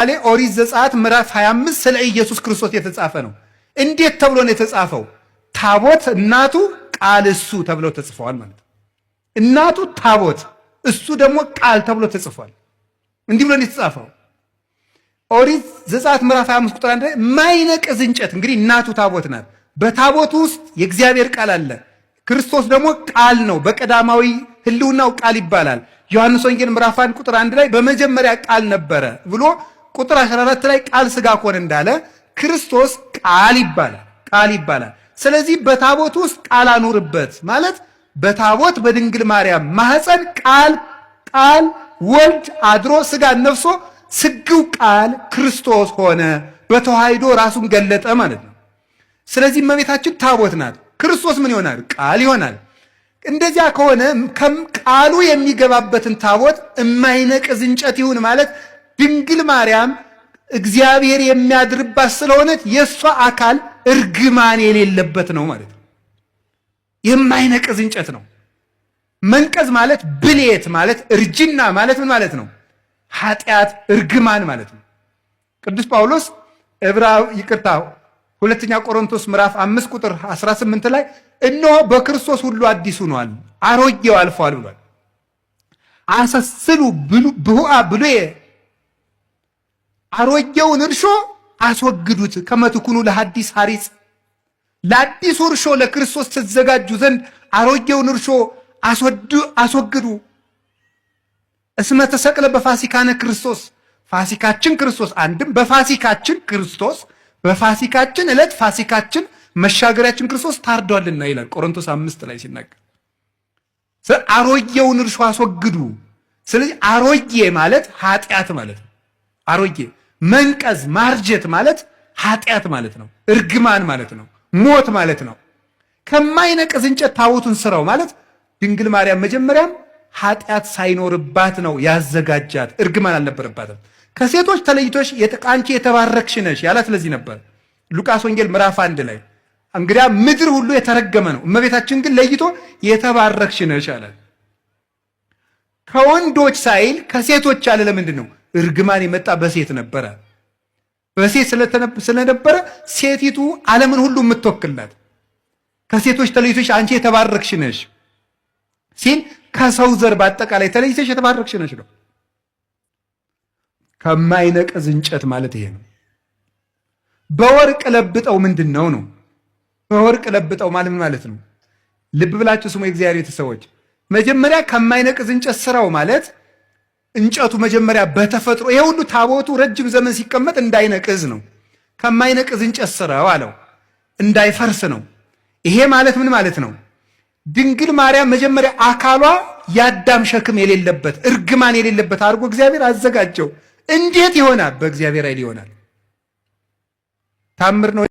ምሳሌ ኦሪት ዘጸአት ምዕራፍ 25 ስለ ኢየሱስ ክርስቶስ የተጻፈ ነው። እንዴት ተብሎ ነው የተጻፈው? ታቦት እናቱ ቃል እሱ ተብለው ተጽፈዋል ማለት ነው። እናቱ ታቦት እሱ ደግሞ ቃል ተብሎ ተጽፏል። እንዲህ ብሎ ነው የተጻፈው። ኦሪት ዘጸአት ምዕራፍ 25 ቁጥር 1 ማይነቅዝ እንጨት እንግዲህ እናቱ ታቦት ናት። በታቦቱ ውስጥ የእግዚአብሔር ቃል አለ። ክርስቶስ ደግሞ ቃል ነው። በቀዳማዊ ህልውናው ቃል ይባላል። ዮሐንስ ወንጌል ምዕራፍ 1 ቁጥር 1 ላይ በመጀመሪያ ቃል ነበረ ብሎ ቁጥር 14 ላይ ቃል ስጋ ኮን እንዳለ ክርስቶስ ቃል ይባላል። ቃል ይባላል። ስለዚህ በታቦት ውስጥ ቃል አኑርበት ማለት በታቦት በድንግል ማርያም ማህፀን ቃል ቃል ወልድ አድሮ ስጋን ነፍሶ ስግው ቃል ክርስቶስ ሆነ፣ በተዋህዶ ራሱን ገለጠ ማለት ነው። ስለዚህ እመቤታችን ታቦት ናት። ክርስቶስ ምን ይሆናል? ቃል ይሆናል። እንደዚያ ከሆነ ቃሉ የሚገባበትን ታቦት የማይነቅዝ እንጨት ይሁን ማለት ድንግል ማርያም እግዚአብሔር የሚያድርባት ስለሆነች የእሷ አካል እርግማን የሌለበት ነው ማለት ነው። የማይነቅዝ እንጨት ነው። መንቀዝ ማለት ብሌት ማለት እርጅና ማለት ምን ማለት ነው? ኃጢአት እርግማን ማለት ነው። ቅዱስ ጳውሎስ ዕብራ ይቅርታ፣ ሁለተኛ ቆሮንቶስ ምዕራፍ አምስት ቁጥር 18 ላይ እነሆ በክርስቶስ ሁሉ አዲስ ሆኗል፣ አሮጌው አልፏል ብሏል። አሰስሉ ብሁአ ብሉየ አሮጌውን እርሾ አስወግዱት ከመትኩኑ ለሐዲስ ሐሪጽ ለአዲሱ እርሾ ለክርስቶስ ተዘጋጁ ዘንድ አሮጌውን እርሾ አስወግዱ። እስመ ተሰቅለ በፋሲካነ ክርስቶስ ፋሲካችን ክርስቶስ አንድም በፋሲካችን ክርስቶስ በፋሲካችን ዕለት ፋሲካችን መሻገሪያችን ክርስቶስ ታርዷልና ይላል ቆሮንቶስ አምስት ላይ ሲናገር አሮጌውን እርሾ አስወግዱ። ስለዚህ አሮጌ ማለት ኃጢአት ማለት ነው። አሮጌ መንቀዝ ማርጀት ማለት ኃጢአት ማለት ነው። እርግማን ማለት ነው። ሞት ማለት ነው። ከማይነቅዝ እንጨት ታቦቱን ስራው ማለት ድንግል ማርያም መጀመሪያም ኃጢአት ሳይኖርባት ነው ያዘጋጃት። እርግማን አልነበረባትም። ከሴቶች ተለይቶች አንቺ የተባረክሽ ነሽ ያላት ለዚህ ነበር። ሉቃስ ወንጌል ምዕራፍ አንድ ላይ እንግዲያ ምድር ሁሉ የተረገመ ነው፣ እመቤታችን ግን ለይቶ የተባረክሽ ነሽ አላት። ከወንዶች ሳይል ከሴቶች አለ። ለምንድን ነው እርግማን የመጣ በሴት ነበረ። በሴት ስለነበረ ሴቲቱ ዓለምን ሁሉ የምትወክልናት ከሴቶች ተለይቶች አንቺ የተባረክሽ ነሽ ሲል ከሰው ዘር በአጠቃላይ ተለይተሽ የተባረክሽ ነሽ ነው። ከማይነቀዝ እንጨት ማለት ይሄ ነው። በወርቅ ለብጠው ምንድን ነው ነው? በወርቅ ለብጠው ማለት ማለት ነው። ልብ ብላችሁ ስሙ፣ የእግዚአብሔር ቤተሰቦች መጀመሪያ ከማይነቅዝ እንጨት ስራው ማለት እንጨቱ መጀመሪያ በተፈጥሮ ይሄ ሁሉ ታቦቱ ረጅም ዘመን ሲቀመጥ እንዳይነቅዝ ነው። ከማይነቅዝ እንጨት ስራው አለው እንዳይፈርስ ነው። ይሄ ማለት ምን ማለት ነው? ድንግል ማርያም መጀመሪያ አካሏ የአዳም ሸክም የሌለበት እርግማን የሌለበት አድርጎ እግዚአብሔር አዘጋጀው። እንዴት ይሆናል? በእግዚአብሔር ኃይል ይሆናል። ታምር ነው።